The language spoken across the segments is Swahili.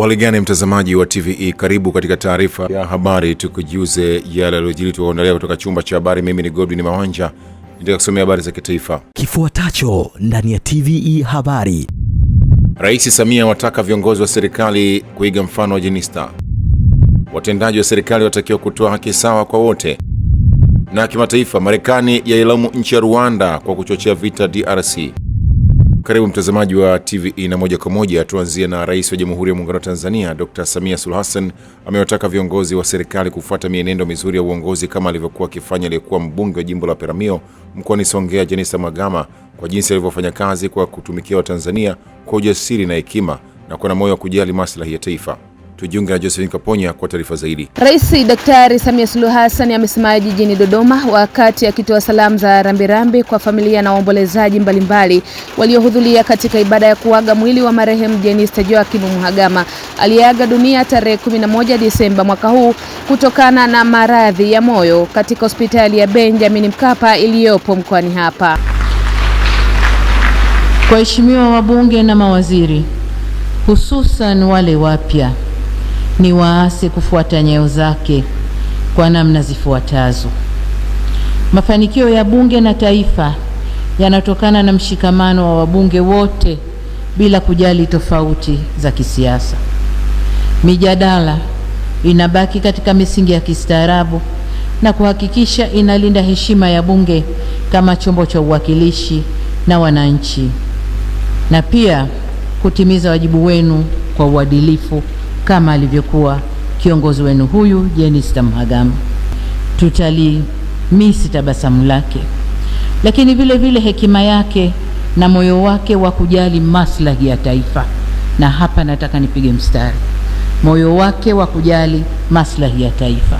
Uhaligani mtazamaji wa TVE, karibu katika taarifa ya habari, tukujuze yale yaliyojiri, tukaondolea kutoka chumba cha habari. Mimi ni Godwin Mawanja, nitaka kusomea habari za kitaifa kifuatacho ndani ya TVE habari. Rais Samia wataka viongozi wa serikali kuiga mfano wa Jenista. Watendaji wa serikali watakiwa kutoa haki sawa kwa wote. Na kimataifa, Marekani yailaumu nchi ya Rwanda kwa kuchochea vita DRC. Karibu mtazamaji wa TVE na moja kwa moja. Tuanzie na Rais wa Jamhuri ya Muungano wa Tanzania Dr. Samia Suluhu Hassan amewataka viongozi wa serikali kufuata mienendo mizuri ya uongozi kama alivyokuwa akifanya aliyekuwa mbunge wa jimbo la Peramiho mkoani Songea Jenista Magama kwa jinsi alivyofanya kazi kwa kutumikia Watanzania kwa ujasiri na hekima na kuwa na moyo wa kujali maslahi ya taifa. Tujiunge na Josephine Kaponya kwa taarifa zaidi. Rais Daktari Samia Suluhu Hassan amesema jijini Dodoma wakati akitoa salamu za rambirambi kwa familia na waombolezaji mbalimbali waliohudhuria katika ibada ya kuaga mwili wa marehemu Jenista joakimu Mhagama aliyeaga dunia tarehe 11 Disemba mwaka huu kutokana na maradhi ya moyo katika hospitali ya Benjamin Mkapa iliyopo mkoani hapa. Waheshimiwa wabunge na mawaziri, hususan wale wapya ni waase kufuata nyayo zake kwa namna zifuatazo. Mafanikio ya bunge na taifa yanatokana na mshikamano wa wabunge wote bila kujali tofauti za kisiasa. Mijadala inabaki katika misingi ya kistaarabu na kuhakikisha inalinda heshima ya bunge kama chombo cha uwakilishi na wananchi, na pia kutimiza wajibu wenu kwa uadilifu kama alivyokuwa kiongozi wenu huyu Jenista Mhagama. Tutalimisi tabasamu lake, lakini vile vile hekima yake na moyo wake wa kujali maslahi ya taifa. Na hapa nataka nipige mstari, moyo wake wa kujali maslahi ya taifa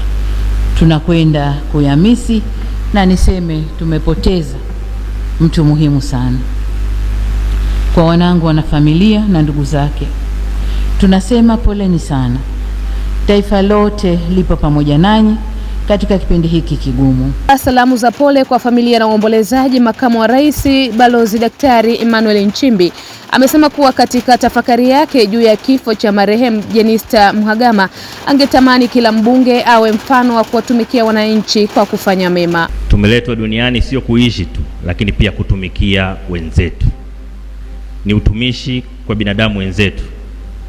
tunakwenda kuyamisi, na niseme tumepoteza mtu muhimu sana kwa wanangu, wanafamilia na ndugu zake. Tunasema poleni sana, taifa lote lipo pamoja nanyi katika kipindi hiki kigumu. Salamu za pole kwa familia na uombolezaji. Makamu wa Rais Balozi Daktari Emmanuel Nchimbi amesema kuwa katika tafakari yake juu ya kifo cha marehemu Jenista Mhagama angetamani kila mbunge awe mfano wa kuwatumikia wananchi kwa kufanya mema. Tumeletwa duniani sio kuishi tu, lakini pia kutumikia wenzetu, ni utumishi kwa binadamu wenzetu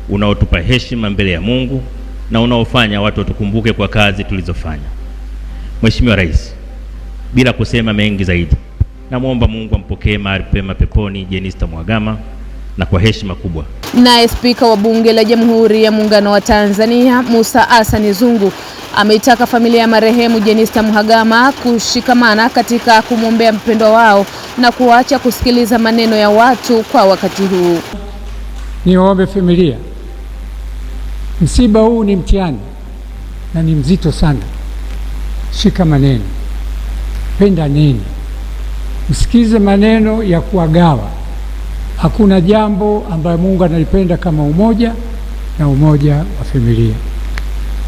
unaotupa heshima mbele ya Mungu na unaofanya watu watukumbuke kwa kazi tulizofanya. Mheshimiwa Rais, bila kusema mengi zaidi, namwomba Mungu ampokee mahali pema peponi Jenista Mhagama na kwa heshima kubwa. Naye Spika wa Bunge la Jamhuri ya Muungano wa Tanzania Musa Asani Zungu ameitaka familia ya marehemu Jenista Mhagama kushikamana katika kumwombea mpendwa wao na kuacha kusikiliza maneno ya watu kwa wakati huu. Niombe familia Msiba huu ni mtihani na ni mzito sana. Shika maneno, penda neno, msikize maneno ya kuwagawa. Hakuna jambo ambayo Mungu analipenda kama umoja na umoja wa familia.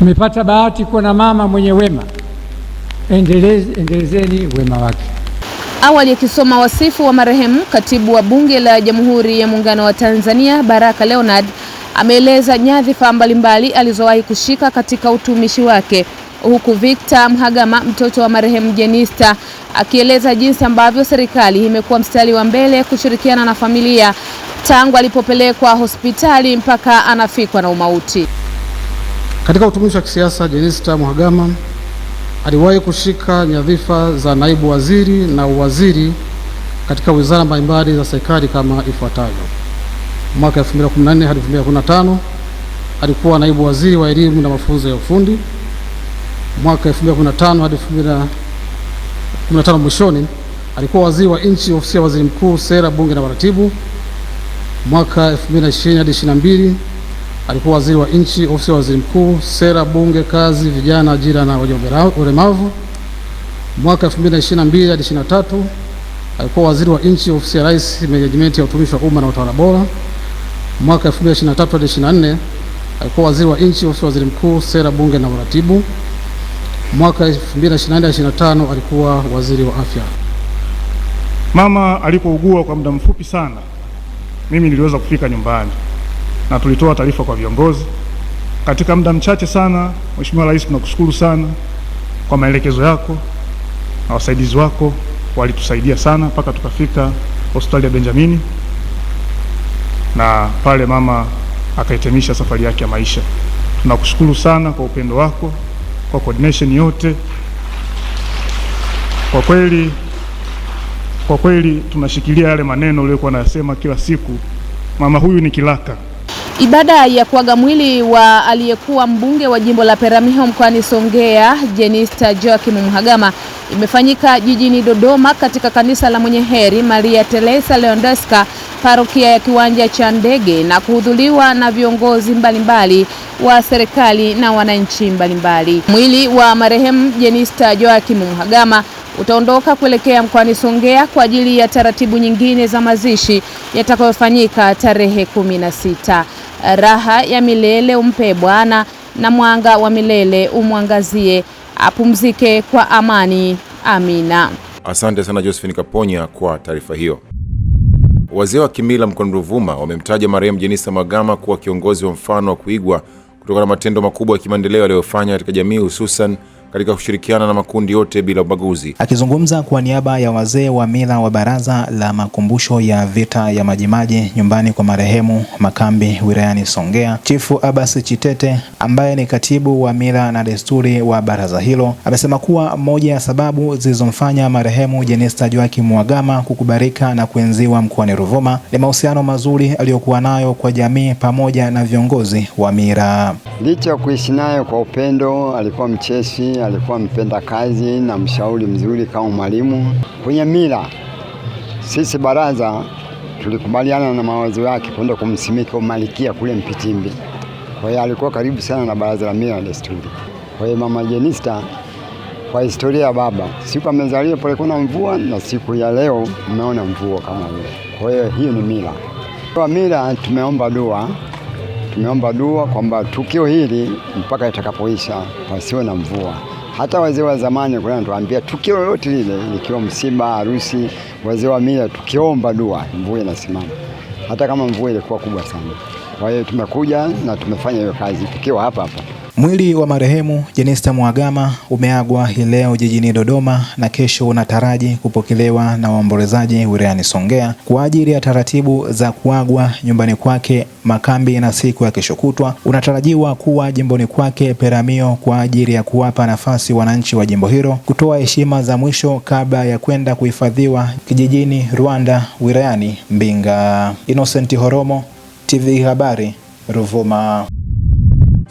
Mmepata bahati kuwa na mama mwenye wema, endeleze, endelezeni wema wake. Awali akisoma wasifu wa marehemu katibu wa Bunge la Jamhuri ya Muungano wa Tanzania Baraka Leonard ameeleza nyadhifa mbalimbali alizowahi kushika katika utumishi wake, huku Victor Mhagama mtoto wa marehemu Jenista akieleza jinsi ambavyo serikali imekuwa mstari wa mbele kushirikiana na familia tangu alipopelekwa hospitali mpaka anafikwa na umauti. Katika utumishi wa kisiasa, Jenista Mhagama aliwahi kushika nyadhifa za naibu waziri na uwaziri katika wizara mbalimbali za serikali kama ifuatavyo mwaka 2014 hadi 2015 alikuwa naibu waziri wa elimu na mafunzo ya ufundi. Mwaka 2015 hadi 2015 mwishoni alikuwa waziri wa nchi ofisi ya waziri mkuu, sera, bunge na waratibu. Mwaka 2020 hadi 22 alikuwa waziri wa nchi ofisi ya waziri mkuu, sera, bunge, kazi, vijana, ajira na wenye ulemavu. Mwaka 2022 hadi 23 alikuwa waziri wa nchi ofisi ya rais, menejimenti ya utumishi wa umma na utawala bora mwaka 2023 hadi alikuwa waziri wa nchi ofisi waziri mkuu sera bunge na uratibu. Mwaka 2024 alikuwa waziri wa afya. Mama alipougua kwa muda mfupi sana, mimi niliweza kufika nyumbani na tulitoa taarifa kwa viongozi katika muda mchache sana. Mheshimiwa Rais, tunakushukuru sana kwa maelekezo yako na wasaidizi wako walitusaidia sana mpaka tukafika hospitali ya Benjamini na pale mama akaitemisha safari yake ya maisha. Tunakushukuru sana kwa upendo wako, kwa coordination yote. Kwa kweli, kwa kweli tunashikilia yale maneno uliyokuwa unayasema kila siku, mama huyu ni kiraka. Ibada ya kuaga mwili wa aliyekuwa mbunge wa jimbo la Peramiho mkoani Songea, Jenista Joakim Mhagama imefanyika jijini Dodoma katika kanisa la Mwenye Heri Maria Teresa Leondeska parokia ya Kiwanja cha Ndege na kuhudhuriwa na viongozi mbalimbali wa serikali na wananchi mbalimbali. Mwili wa marehemu Jenista Joakim Mhagama utaondoka kuelekea mkoani Songea kwa ajili ya taratibu nyingine za mazishi yatakayofanyika tarehe kumi na sita. Raha ya milele umpe Bwana na mwanga wa milele umwangazie, apumzike kwa amani. Amina. Asante sana Josephine Kaponya kwa taarifa hiyo. Wazee wa kimila mkoani Ruvuma wamemtaja marehemu Jenista Magama kuwa kiongozi wa mfano wa kuigwa kutokana na matendo makubwa ya kimaendeleo aliyofanya katika jamii hususan katika kushirikiana na makundi yote bila ubaguzi. Akizungumza kwa niaba ya wazee wa mila wa Baraza la Makumbusho ya Vita ya Majimaji nyumbani kwa marehemu Makambi wilayani Songea, Chifu Abbas Chitete ambaye ni katibu wa mila na desturi wa baraza hilo amesema kuwa moja ya sababu zilizomfanya marehemu Jenista Joakim Mhagama kukubalika na kuenziwa mkoani Ruvuma ni mahusiano mazuri aliyokuwa nayo kwa jamii pamoja na viongozi wa mila. Licha ya kuishi nayo kwa upendo, alikuwa mcheshi alikuwa mpenda kazi na mshauri mzuri kama mwalimu. Kwenye mila, sisi baraza tulikubaliana na mawazo yake kwenda kumsimika umalikia kule Mpitimbi. Kwa hiyo alikuwa karibu sana na baraza la mila na desturi. Kwa hiyo mama Jenista, kwa historia ya baba, siku amezaliwa palikuwa na mvua na siku ya leo mmeona mvua kama hiyo. Kwa hiyo hiyo ni mila. Kwa mila tumeomba dua tumeomba dua kwamba tukio hili mpaka itakapoisha pasiwe na mvua hata wazee wa zamani kuna tuambia tukio lolote lile likiwa msiba, harusi, wazee wa mila, tukiomba dua mvua inasimama, hata kama mvua ilikuwa kubwa sana. Kwa hiyo tumekuja na tumefanya hiyo kazi tukiwa hapa hapa. Mwili wa marehemu Jenista Mhagama umeagwa hii leo jijini Dodoma na kesho unataraji kupokelewa na waombolezaji wilayani Songea kwa ajili ya taratibu za kuagwa nyumbani kwake Makambi, na siku ya kesho kutwa unatarajiwa kuwa jimboni kwake peramio kwa ajili ya kuwapa nafasi wananchi wa jimbo hilo kutoa heshima za mwisho kabla ya kwenda kuhifadhiwa kijijini Rwanda wilayani Mbinga. Innocent Horomo, TV Habari, Ruvuma.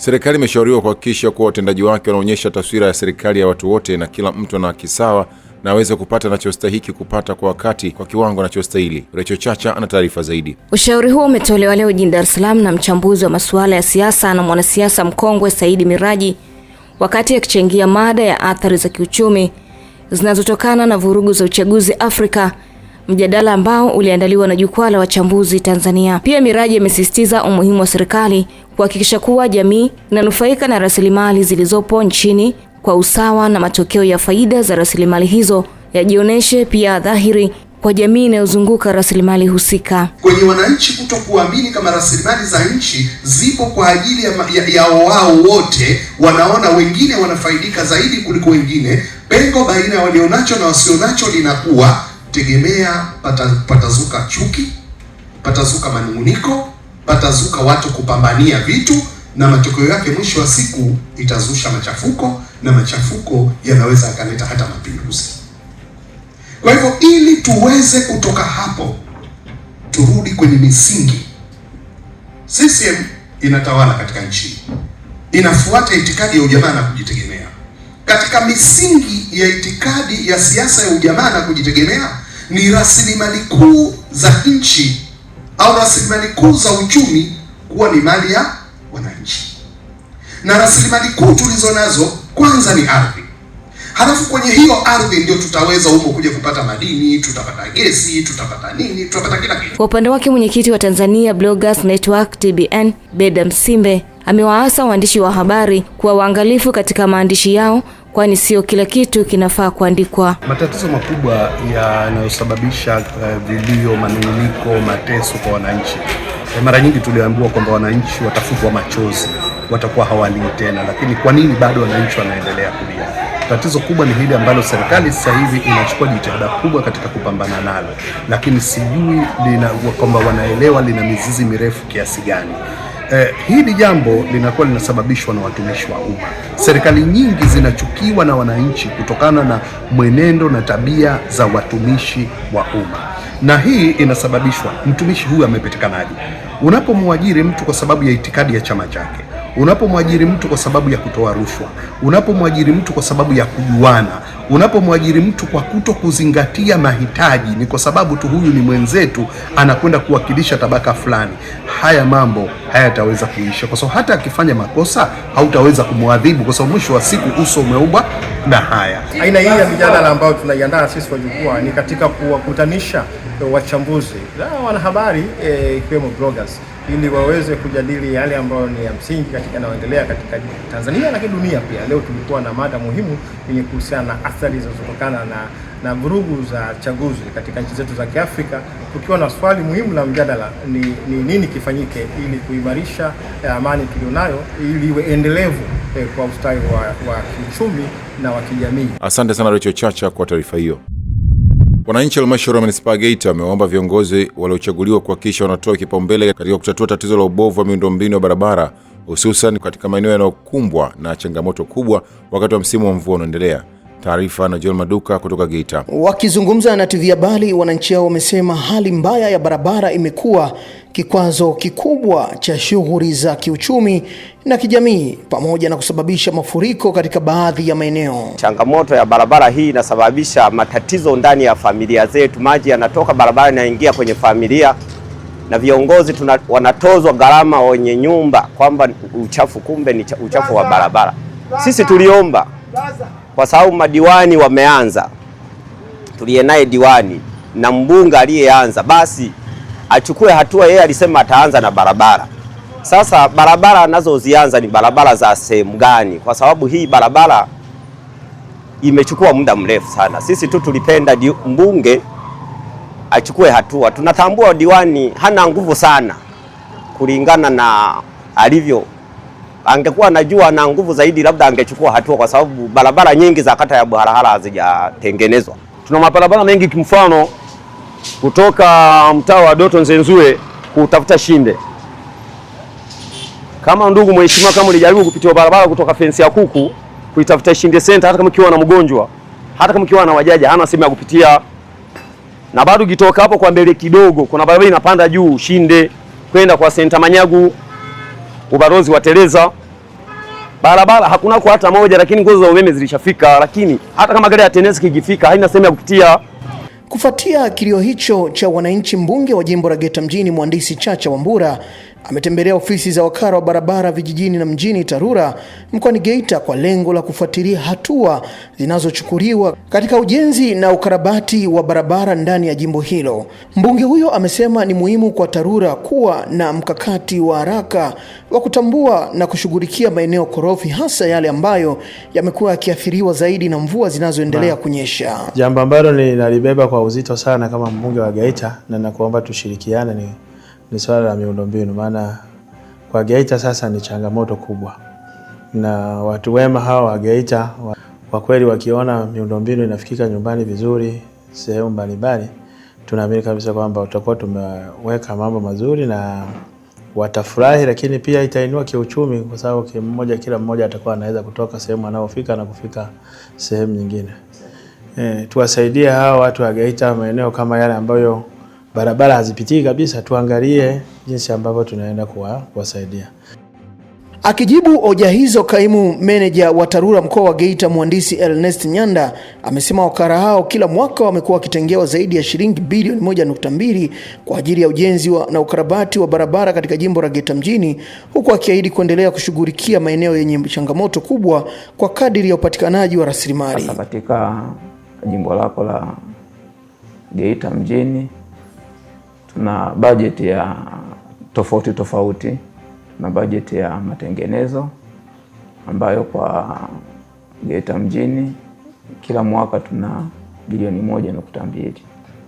Serikali imeshauriwa kuhakikisha kuwa watendaji wake wanaonyesha taswira ya serikali ya watu wote na kila mtu ana haki sawa na aweze kupata anachostahiki kupata kwa wakati kwa kiwango anachostahili. Recho Chacha ana taarifa zaidi. Ushauri huo umetolewa leo jijini Dar es Salaam na mchambuzi wa masuala ya siasa na mwanasiasa mkongwe Saidi Miraji wakati akichangia mada ya athari za kiuchumi zinazotokana na vurugu za uchaguzi Afrika mjadala ambao uliandaliwa na Jukwaa la Wachambuzi Tanzania. Pia Miraji amesisitiza umuhimu wa serikali kuhakikisha kuwa jamii inanufaika na rasilimali zilizopo nchini kwa usawa na matokeo ya faida za rasilimali hizo yajionyeshe pia dhahiri kwa jamii inayozunguka rasilimali husika. Kwenye wananchi kuto kuamini kama rasilimali za nchi zipo kwa ajili ya, ya, ya wao wote, wanaona wengine wanafaidika zaidi kuliko wengine. Pengo baina ya walionacho na wasionacho linakuwa tegemea pata, patazuka chuki, patazuka manunguniko, patazuka watu kupambania vitu, na matokeo yake mwisho wa siku itazusha machafuko, na machafuko yanaweza yakaleta hata mapinduzi. Kwa hivyo ili tuweze kutoka hapo, turudi kwenye misingi. CCM inatawala katika nchi, inafuata itikadi ya ujamaa na kujitegemea. Katika misingi ya itikadi ya siasa ya ujamaa na kujitegemea ni rasilimali kuu za nchi au rasilimali kuu za uchumi kuwa ni mali ya wananchi. Na rasilimali kuu tulizo nazo kwanza ni ardhi, halafu kwenye hiyo ardhi ndio tutaweza humo kuja kupata madini, tutapata gesi, tutapata nini, tutapata kila kitu. Kwa upande wake mwenyekiti wa Tanzania Bloggers Network TBN Beda Msimbe amewaasa waandishi wa habari kuwa waangalifu katika maandishi yao kwani sio kila kitu kinafaa kuandikwa. Matatizo makubwa yanayosababisha uh, eh, vilio, manunguniko, mateso kwa wananchi eh, mara nyingi tuliambiwa kwamba wananchi watafutwa machozi, watakuwa hawalii tena, lakini kwa nini bado wananchi wanaendelea kulia? Tatizo kubwa ni hili ambalo serikali sasa hivi inachukua jitihada kubwa katika kupambana nalo, lakini sijui kwamba wanaelewa lina mizizi mirefu kiasi gani. Eh, hili jambo linakuwa linasababishwa na watumishi wa umma. Serikali nyingi zinachukiwa na wananchi kutokana na mwenendo na tabia za watumishi wa umma, na hii inasababishwa mtumishi huyu amepatikanaje? Unapomwajiri mtu kwa sababu ya itikadi ya chama chake Unapomwajiri mtu kwa sababu ya kutoa rushwa, unapomwajiri mtu kwa sababu ya kujuana, unapomwajiri mtu kwa kuto kuzingatia mahitaji, ni kwa sababu tu huyu ni mwenzetu, anakwenda kuwakilisha tabaka fulani, haya mambo hayataweza kuisha, kwa sababu hata akifanya makosa hautaweza kumwadhibu, kwa sababu mwisho wa siku uso umeumbwa na haya. Aina hii ya mijadala ambayo tunaiandaa sisi kwa jukwaa ni katika kuwakutanisha wachambuzi na wanahabari eh, ikiwemo eh, bloggers ili waweze kujadili yale ambayo ni ya msingi katika yanayoendelea katika Tanzania na dunia pia. Leo tulikuwa na mada muhimu yenye kuhusiana na athari zinazotokana na na vurugu za chaguzi katika nchi zetu za Kiafrika, tukiwa na swali muhimu la mjadala ni, ni nini kifanyike ili kuimarisha eh, amani tulionayo ili iwe endelevu eh, kwa ustawi wa, wa kiuchumi na wa kijamii. Asante sana Rachel Chacha kwa taarifa hiyo. Wananchi wa halmashauri ya manispaa Geita wamewaomba viongozi waliochaguliwa kuhakikisha wanatoa kipaumbele katika kutatua tatizo la ubovu wa miundombinu ya barabara hususan katika maeneo yanayokumbwa na changamoto kubwa wakati wa msimu wa mvua unaendelea. Taarifa na John Maduka kutoka Geita. Wakizungumza na TV Habari, wananchi hao wamesema hali mbaya ya barabara imekuwa kikwazo kikubwa cha shughuli za kiuchumi na kijamii pamoja na kusababisha mafuriko katika baadhi ya maeneo. Changamoto ya barabara hii inasababisha matatizo ndani ya familia zetu, maji yanatoka barabara yanaingia kwenye familia, na viongozi tuna, wanatozwa gharama wenye nyumba kwamba uchafu, kumbe ni uchafu wa barabara. Sisi tuliomba kwa sababu madiwani wameanza, tuliye naye diwani na mbunge aliyeanza, basi achukue hatua. Yeye alisema ataanza na barabara. Sasa barabara anazozianza ni barabara za sehemu gani? Kwa sababu hii barabara imechukua muda mrefu sana. Sisi tu tulipenda mbunge achukue hatua. Tunatambua diwani hana nguvu sana kulingana na alivyo angekuwa anajua na nguvu zaidi, labda angechukua hatua, kwa sababu barabara nyingi za kata ya Buharahara hazijatengenezwa. Tuna mabarabara mengi, kimfano kutoka mtaa wa Doto Nzenzue kutafuta Shinde. Kama ndugu mheshimiwa, kama ulijaribu kupitia barabara kutoka fensi ya kuku kuitafuta Shinde Center, hata kama ukiwa na mgonjwa, hata kama ukiwa na wajaja, hana sehemu ya kupitia. Na bado ukitoka hapo kwa mbele kidogo, kuna barabara inapanda juu Shinde kwenda kwa Senta Manyagu ubalozi wa Tereza. Barabara hakuna kwa hata moja, lakini nguzo za umeme zilishafika, lakini hata kama gari ya Tenesi kijifika haina sehemu ya kupitia. Kufuatia kilio hicho cha wananchi, mbunge wa jimbo la geta mjini mhandisi Chacha Wambura ametembelea ofisi za wakala wa barabara vijijini na mjini TARURA mkoani Geita kwa lengo la kufuatilia hatua zinazochukuliwa katika ujenzi na ukarabati wa barabara ndani ya jimbo hilo. Mbunge huyo amesema ni muhimu kwa TARURA kuwa na mkakati wa haraka wa kutambua na kushughulikia maeneo korofi, hasa yale ambayo yamekuwa yakiathiriwa zaidi na mvua zinazoendelea kunyesha, jambo ambalo ninalibeba kwa uzito sana kama mbunge wa Geita, na nakuomba tushirikiane ni ni swala la miundombinu, maana kwa Geita sasa ni changamoto kubwa, na watu wema hawa wa Geita kwa kweli wakiona miundombinu inafikika nyumbani vizuri sehemu mbalimbali, tunaamini kabisa kwamba utakuwa tumeweka mambo mazuri na watafurahi, lakini pia itainua kiuchumi, kwa sababu kimoja, kila mmoja atakuwa anaweza kutoka sehemu anayofika na kufika sehemu nyingine. E, tuwasaidie hawa watu wa Geita maeneo kama yale ambayo barabara hazipitii kabisa, tuangalie jinsi ambavyo tunaenda kuwasaidia. Akijibu hoja hizo, kaimu meneja wa TARURA mkoa wa Geita mhandisi Ernest Nyanda amesema wakara hao kila mwaka wamekuwa wakitengewa zaidi ya shilingi bilioni 1.2 kwa ajili ya ujenzi wa na ukarabati wa barabara katika jimbo la Geita mjini, huku akiahidi kuendelea kushughulikia maeneo yenye changamoto kubwa kwa kadiri ya upatikanaji wa rasilimali. Katika jimbo lako la Geita mjini tuna bajeti ya tofauti tofauti na bajeti ya matengenezo ambayo kwa Geita mjini kila mwaka tuna bilioni moja nukta mbili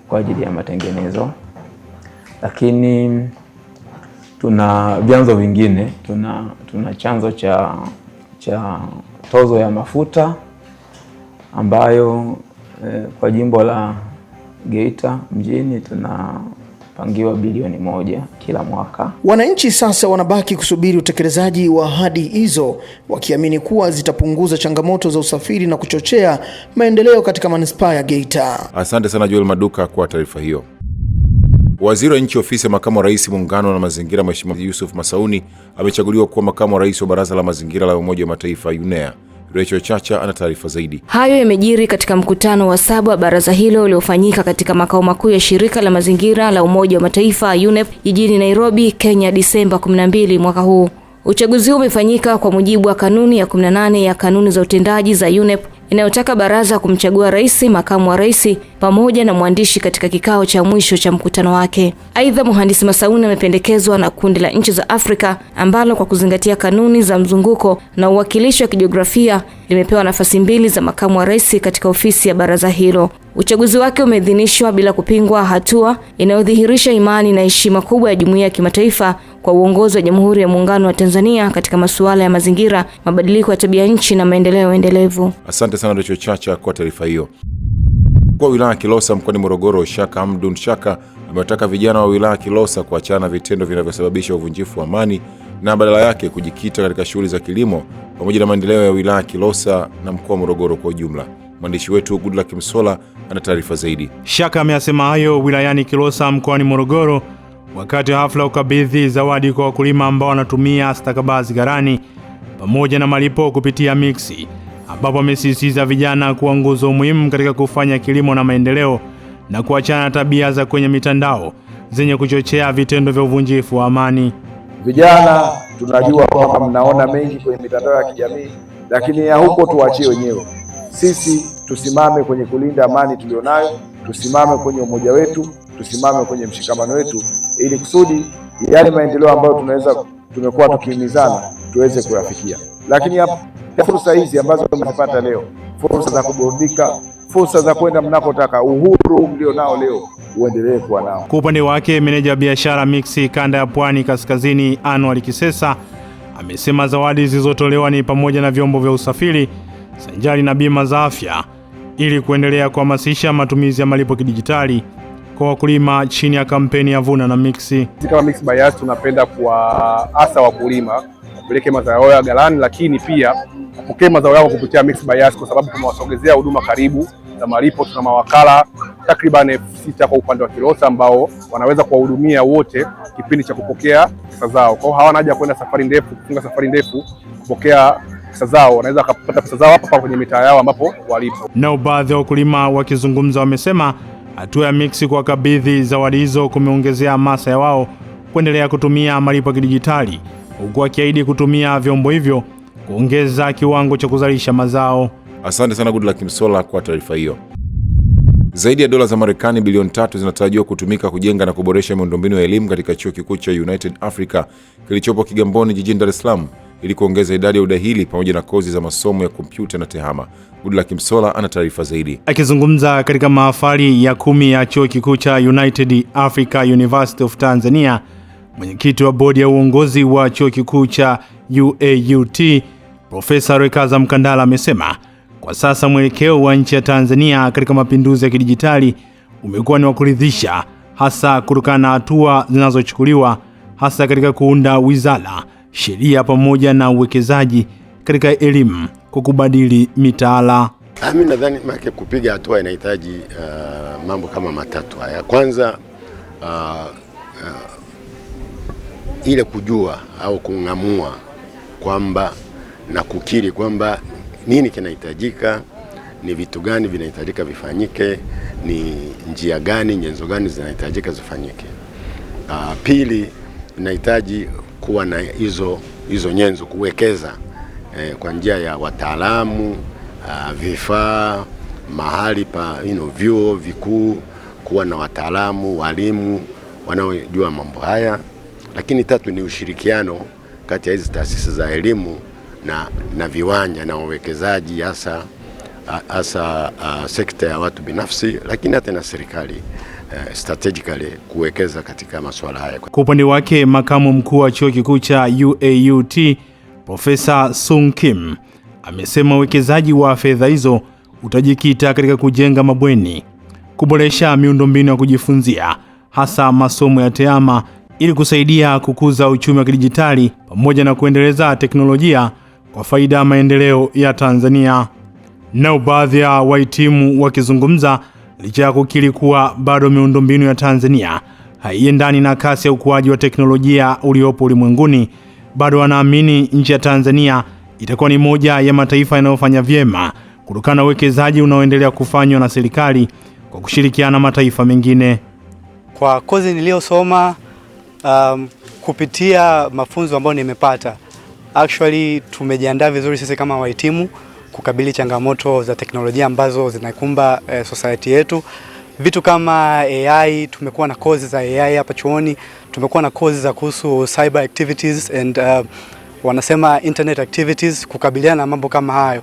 kwa ajili ya matengenezo, lakini tuna vyanzo vingine. Tuna, tuna chanzo cha, cha tozo ya mafuta ambayo eh, kwa jimbo la Geita mjini tuna pangiwa bilioni moja kila mwaka. Wananchi sasa wanabaki kusubiri utekelezaji wa ahadi hizo wakiamini kuwa zitapunguza changamoto za usafiri na kuchochea maendeleo katika manispaa ya Geita. Asante sana Joel Maduka kwa taarifa hiyo. Waziri wa nchi ofisi ya makamu wa rais muungano na mazingira, Mheshimiwa Yusuf Masauni amechaguliwa kuwa makamu wa rais wa baraza la mazingira la Umoja wa Mataifa, UNEA. Rachel Chacha ana taarifa zaidi. Hayo yamejiri katika mkutano wa saba wa baraza hilo uliofanyika katika makao makuu ya shirika la mazingira la Umoja wa Mataifa UNEP jijini Nairobi, Kenya, Disemba 12 mwaka huu. Uchaguzi huu umefanyika kwa mujibu wa kanuni ya 18 ya kanuni za utendaji za UNEP inayotaka baraza kumchagua rais, makamu wa rais pamoja na mwandishi katika kikao cha mwisho cha mkutano wake. Aidha, mhandisi Masauni amependekezwa na kundi la nchi za Afrika ambalo kwa kuzingatia kanuni za mzunguko na uwakilishi wa kijiografia limepewa nafasi mbili za makamu wa rais katika ofisi ya baraza hilo. Uchaguzi wake umeidhinishwa bila kupingwa, hatua inayodhihirisha imani na heshima kubwa ya jumuiya ya kimataifa kwa uongozi wa Jamhuri ya Muungano wa Tanzania katika masuala ya mazingira, mabadiliko ya tabia nchi na maendeleo endelevu. Asante sana Docho Chacha kwa taarifa hiyo. Mkuu wa wilaya ya Kilosa mkoani Morogoro, Shaka Hamdun Shaka amewataka vijana wa wilaya ya Kilosa kuachana vitendo vinavyosababisha uvunjifu wa amani na badala yake kujikita katika shughuli za kilimo pamoja na maendeleo ya wilaya ya Kilosa na mkoa wa Morogoro kwa ujumla. Mwandishi wetu Goodluck Msola ana taarifa zaidi. Shaka ameyasema hayo wilayani Kilosa mkoani Morogoro wakati wa hafla ya ukabidhi zawadi kwa wakulima ambao wanatumia stakabazi ghalani pamoja na malipo kupitia miksi ambapo amesisitiza vijana kuwa nguzo muhimu katika kufanya kilimo na maendeleo na kuachana na tabia za kwenye mitandao zenye kuchochea vitendo vya uvunjifu wa amani. Vijana tunajua kwamba mnaona mengi kwenye mitandao ya kijamii, lakini ya huko tuachie wenyewe. Sisi tusimame kwenye kulinda amani tuliyonayo, tusimame kwenye umoja wetu, tusimame kwenye mshikamano wetu, ili kusudi yale maendeleo ambayo tunaweza tumekuwa tukihimizana tuweze kuyafikia. Lakini ya, ya fursa hizi ambazo tumepata leo, fursa za kuburudika, fursa za kwenda mnakotaka, uhuru mlio nao leo uendelee kuwa nao. Kwa upande wake, meneja wa biashara mixi kanda ya Pwani Kaskazini Anwar Kisesa amesema zawadi zilizotolewa ni pamoja na vyombo vya usafiri sanjari na bima za afya ili kuendelea kuhamasisha matumizi ya malipo kidijitali kwa wakulima chini ya kampeni ya Vuna na Mixi. Kama Mixi Bias tunapenda kuwaasa wakulima apeleke mazao yao ya galani, lakini pia apokee mazao yao kupitia Mix by Yas, kwa sababu tumewasogezea huduma karibu za malipo. Tuna mawakala takriban elfu sita kwa upande wa Kilosa ambao wanaweza kuwahudumia wote kipindi cha kupokea pesa zao. Kwa hiyo hawana haja kwenda safari ndefu, kufunga safari ndefu kupokea pesa zao, wanaweza kupata pesa zao hapa kwenye mitaa yao ambapo walipo. Nao baadhi ya wakulima wakizungumza wamesema hatua ya Mixx kuwakabidhi zawadi hizo kumeongezea hamasa ya wao kuendelea kutumia malipo ya kidijitali huku akiahidi kutumia vyombo hivyo kuongeza kiwango cha kuzalisha mazao. Asante sana Goodluck msola kwa taarifa hiyo. Zaidi ya dola za Marekani bilioni tatu zinatarajiwa kutumika kujenga na kuboresha miundombinu ya elimu katika chuo kikuu cha United Africa kilichopo Kigamboni jijini Dar es Salaam ili kuongeza idadi ya udahili pamoja na kozi za masomo ya kompyuta na tehama. Goodluck msola ana taarifa zaidi. Akizungumza katika mahafali ya kumi ya chuo kikuu cha United Africa University of Tanzania Mwenyekiti wa bodi ya uongozi wa chuo kikuu cha UAUT Profesa rekaza Mkandala amesema kwa sasa mwelekeo wa nchi ya Tanzania katika mapinduzi ya kidijitali umekuwa ni wa kuridhisha, hasa kutokana na hatua zinazochukuliwa hasa katika kuunda wizara, sheria pamoja na uwekezaji katika elimu kwa kubadili mitaala. Ah, mimi nadhani make kupiga hatua inahitaji uh, mambo kama matatu haya. Kwanza uh, uh, ile kujua au kung'amua kwamba na kukiri kwamba nini kinahitajika, ni vitu gani vinahitajika vifanyike, ni njia gani, nyenzo gani zinahitajika zifanyike. Uh, pili inahitaji kuwa na hizo hizo nyenzo kuwekeza eh, kwa njia ya wataalamu uh, vifaa, mahali pa you know, vyuo vikuu kuwa na wataalamu, walimu wanaojua mambo haya. Lakini tatu ni ushirikiano kati ya hizi taasisi za elimu na, na viwanja na wawekezaji hasa hasa uh, sekta ya watu binafsi lakini hata na serikali uh, strategically kuwekeza katika masuala haya. Kwa upande wake, makamu mkuu wa chuo kikuu cha UAUT Profesa Sung Kim amesema uwekezaji wa fedha hizo utajikita katika kujenga mabweni, kuboresha miundombinu ya kujifunzia hasa masomo ya tehama ili kusaidia kukuza uchumi wa kidijitali pamoja na kuendeleza teknolojia kwa faida ya maendeleo ya Tanzania. Nao baadhi ya wahitimu wakizungumza, licha ya kukiri kuwa bado miundombinu ya Tanzania haiendani na kasi ya ukuaji wa teknolojia uliopo ulimwenguni, bado wanaamini nchi ya Tanzania itakuwa ni moja ya mataifa yanayofanya vyema kutokana na uwekezaji unaoendelea kufanywa na serikali kwa kushirikiana na mataifa mengine. Kwa kozi niliyosoma um, kupitia mafunzo ambayo nimepata actually tumejiandaa vizuri sisi kama wahitimu kukabili changamoto za teknolojia ambazo zinakumba eh, society yetu. Vitu kama AI, tumekuwa na kozi za AI hapa chuoni, tumekuwa na kozi za kuhusu cyber activities and uh, wanasema internet activities, kukabiliana na mambo kama hayo,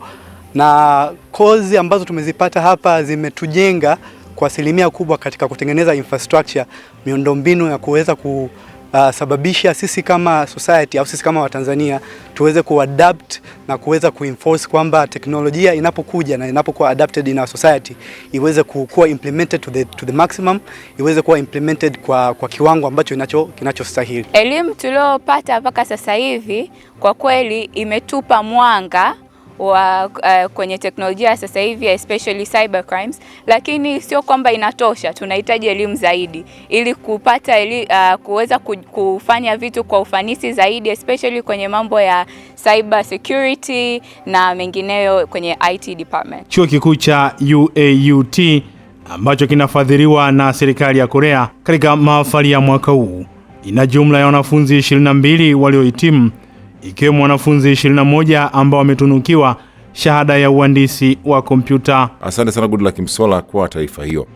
na kozi ambazo tumezipata hapa zimetujenga kwa asilimia kubwa katika kutengeneza infrastructure, miundombinu ya kuweza ku uh, sababisha sisi kama society au sisi kama Watanzania tuweze kuadapt na kuweza kuinforce kwamba teknolojia inapokuja na inapokuwa adapted in our society iweze kuwa implemented to the, to the maximum, iweze kuwa implemented kwa, kwa kiwango ambacho inacho, kinachostahili. Elimu tuliyopata mpaka sasa hivi kwa kweli imetupa mwanga wa uh, kwenye teknolojia ya sasa hivi especially cyber crimes, lakini sio kwamba inatosha. Tunahitaji elimu zaidi ili kupata ili, uh, eh, kuweza kufanya vitu kwa ufanisi zaidi especially kwenye mambo ya cyber security na mengineyo kwenye IT department. Chuo kikuu cha UAUT ambacho kinafadhiliwa na serikali ya Korea katika mahafali ya mwaka huu ina jumla ya wanafunzi 22 waliohitimu ikiwemo wanafunzi 21 ambao wametunukiwa shahada ya uhandisi wa kompyuta. Asante sana Luck msola kwa taarifa hiyo.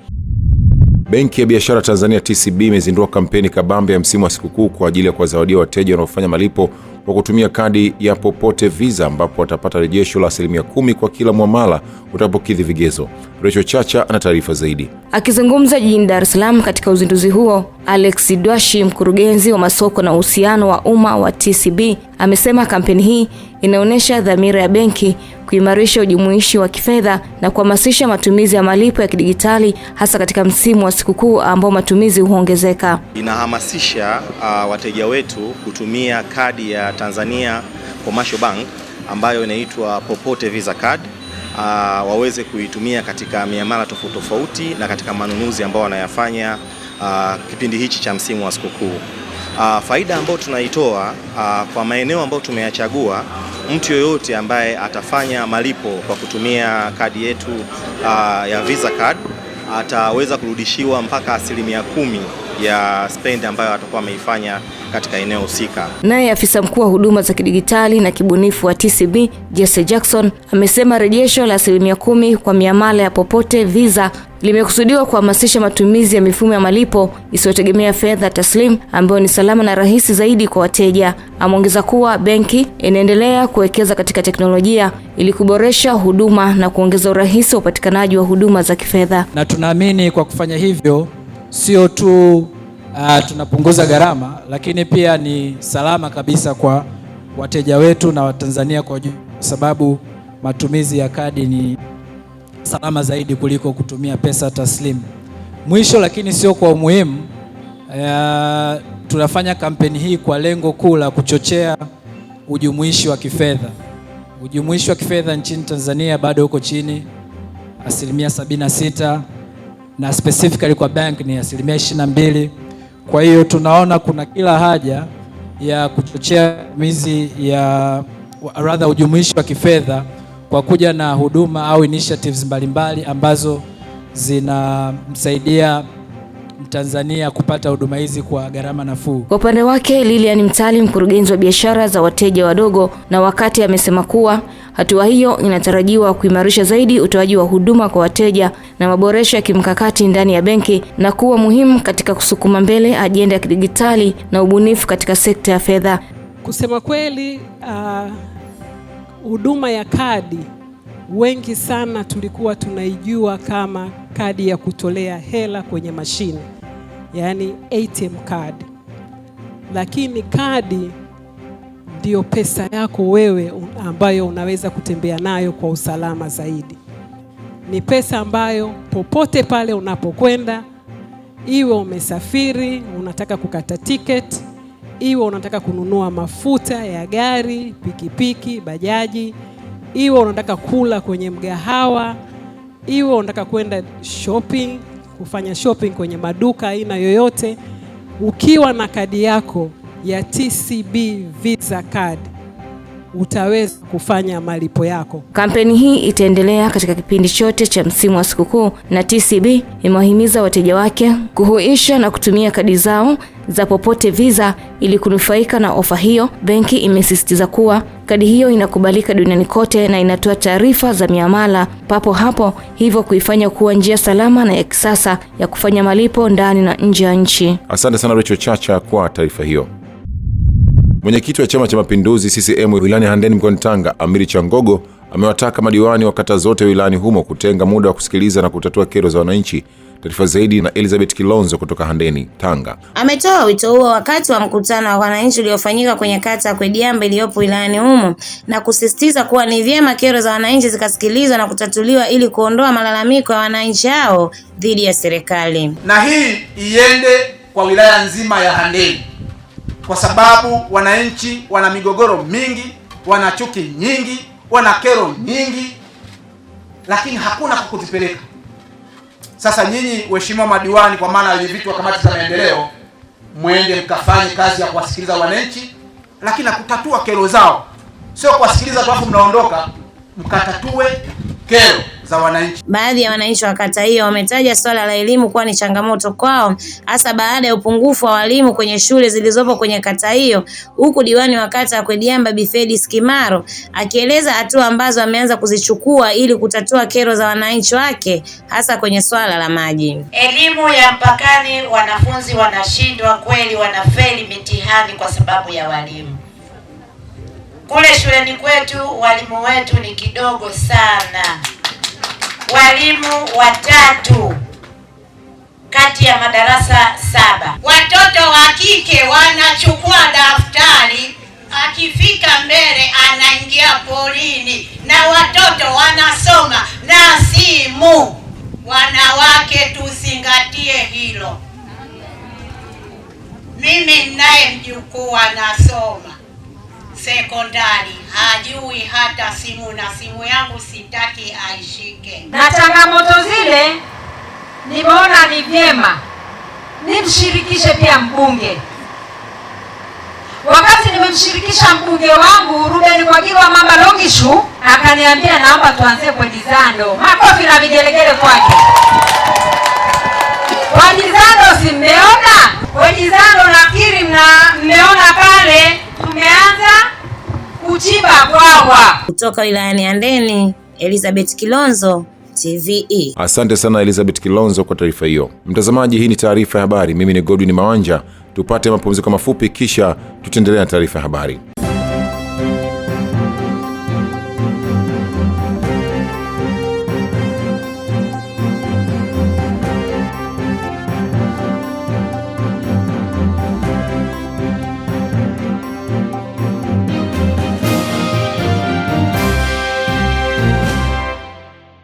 Benki ya Biashara Tanzania TCB imezindua kampeni kabambe ya msimu wa sikukuu kwa ajili ya kuwazawadia wateja wanaofanya malipo kwa kutumia kadi ya Popote Visa, ambapo watapata rejesho la asilimia kumi kwa kila mwamala utapokidhi vigezo. Recho Chacha ana taarifa zaidi. Akizungumza jijini Dar es Salaam katika uzinduzi huo, Alex Dwashi, mkurugenzi wa masoko na uhusiano wa umma wa TCB, amesema kampeni hii inaonyesha dhamira ya benki kuimarisha ujumuishi wa kifedha na kuhamasisha matumizi ya malipo ya kidigitali hasa katika msimu wa sikukuu ambao matumizi huongezeka. Inahamasisha uh, wateja wetu kutumia kadi ya Tanzania Commercial Bank ambayo inaitwa Popote Visa Card. Uh, waweze kuitumia katika miamala tofauti tofauti na katika manunuzi ambayo wanayafanya uh, kipindi hichi cha msimu wa sikukuu. Uh, faida ambayo tunaitoa uh, kwa maeneo ambayo tumeyachagua, mtu yoyote ambaye atafanya malipo kwa kutumia kadi yetu uh, ya Visa card ataweza kurudishiwa mpaka asilimia kumi ya spend ambayo atakuwa ameifanya katika eneo husika. Naye afisa mkuu wa huduma za kidigitali na kibunifu wa TCB Jesse Jackson amesema rejesho la asilimia kumi kwa miamala ya popote Visa limekusudiwa kuhamasisha matumizi ya mifumo ya malipo isiyotegemea fedha taslim ambayo ni salama na rahisi zaidi kwa wateja. Ameongeza kuwa benki inaendelea kuwekeza katika teknolojia ili kuboresha huduma na kuongeza urahisi wa upatikanaji wa huduma za kifedha. Na tunaamini kwa kufanya hivyo sio tu uh, tunapunguza gharama, lakini pia ni salama kabisa kwa wateja wetu na Watanzania kwa sababu matumizi ya kadi ni salama zaidi kuliko kutumia pesa taslimu. Mwisho lakini sio kwa umuhimu, uh, tunafanya kampeni hii kwa lengo kuu la kuchochea ujumuishi wa kifedha. Ujumuishi wa kifedha nchini Tanzania bado uko chini asilimia 76 na specifically kwa bank ni asilimia 22. Kwa hiyo tunaona kuna kila haja ya kuchochea mizi ya rather ujumuishi wa kifedha kwa kuja na huduma au initiatives mbalimbali ambazo zinamsaidia Tanzania kupata huduma hizi kwa gharama nafuu. Kwa upande wake, Lilian Mtali, mkurugenzi wa biashara za wateja wadogo na wakati, amesema kuwa hatua hiyo inatarajiwa kuimarisha zaidi utoaji wa huduma kwa wateja na maboresho ya kimkakati ndani ya benki na kuwa muhimu katika kusukuma mbele ajenda ya kidigitali na ubunifu katika sekta ya fedha. Kusema kweli, uh huduma ya kadi wengi sana tulikuwa tunaijua kama kadi ya kutolea hela kwenye mashine, yaani ATM card, lakini kadi ndiyo pesa yako wewe ambayo unaweza kutembea nayo kwa usalama zaidi. Ni pesa ambayo popote pale unapokwenda, iwe umesafiri, unataka kukata tiketi iwe unataka kununua mafuta ya gari, pikipiki, bajaji, iwe unataka kula kwenye mgahawa, iwe unataka kwenda shopping, kufanya shopping kwenye maduka aina yoyote, ukiwa na kadi yako ya TCB Visa Card utaweza kufanya malipo yako. Kampeni hii itaendelea katika kipindi chote cha msimu wa sikukuu, na TCB imewahimiza wateja wake kuhuisha na kutumia kadi zao za Popote Visa ili kunufaika na ofa hiyo. Benki imesisitiza kuwa kadi hiyo inakubalika duniani kote na inatoa taarifa za miamala papo hapo, hivyo kuifanya kuwa njia salama na ya kisasa ya kufanya malipo ndani na nje ya nchi. Asante sana Rachel Chacha kwa taarifa hiyo. Mwenyekiti wa Chama cha Mapinduzi CCM wilani Handeni mkoani Tanga, Amiri Changogo amewataka madiwani wa kata zote wilani humo kutenga muda wa kusikiliza na kutatua kero za wananchi. Taarifa zaidi na Elizabeth Kilonzo kutoka Handeni, Tanga. Ametoa wito huo wakati wa mkutano wa wananchi uliofanyika kwenye kata ya Kwediambe iliyopo wilayani humo na kusisitiza kuwa ni vyema kero za wananchi zikasikilizwa na kutatuliwa ili kuondoa malalamiko ya wananchi hao dhidi ya serikali, na hii iende kwa wilaya nzima ya Handeni kwa sababu wananchi wana migogoro mingi, wana chuki nyingi, wana kero nyingi, lakini hakuna kuzipeleka Sasa nyinyi waheshimiwa madiwani, kwa maana wenyeviti wa kamati za maendeleo, mwende mkafanye kazi ya kuwasikiliza wananchi, lakini na kutatua kero zao, sio kuwasikiliza tu mnaondoka, mkatatue kero za wananchi. Baadhi ya wananchi wa kata hiyo wametaja swala la elimu kuwa ni changamoto kwao, hasa baada ya upungufu wa walimu kwenye shule zilizopo kwenye kata hiyo, huku diwani wa kata ya Kwediamba Bifedis Kimaro akieleza hatua ambazo ameanza kuzichukua ili kutatua kero za wananchi wake, hasa kwenye swala la maji. Elimu ya mpakani, wanafunzi wanashindwa kweli, wanafeli mitihani kwa sababu ya walimu kule shuleni kwetu walimu wetu ni kidogo sana walimu watatu kati ya madarasa saba. Watoto wa kike wanachukua daftari, akifika mbele anaingia polini, na watoto wanasoma na simu. Wanawake tuzingatie hilo. Mimi naye mjukuu anasoma sekondari hajui hata simu, na simu yangu sitaki aishike. Na changamoto zile nimeona ni vyema nimshirikishe pia mbunge. Wakati nimemshirikisha mbunge wangu Ruben Kwagilwa Mamba Longishu, akaniambia naomba tuanze kwa dizando. Makofi na vigelegele kwake. Kwa dizando, si mmeona? Kwa dizando nafikiri mna mmeona pale tumeanza kuchimba bwawa. Kutoka wilayani ya Ndeni, Elizabeth Kilonzo, TVE. Asante sana Elizabeth Kilonzo kwa taarifa hiyo. Mtazamaji, hii ni taarifa ya habari. Mimi ni Godwin Mawanja, tupate mapumziko mafupi, kisha tutaendelea na taarifa ya habari.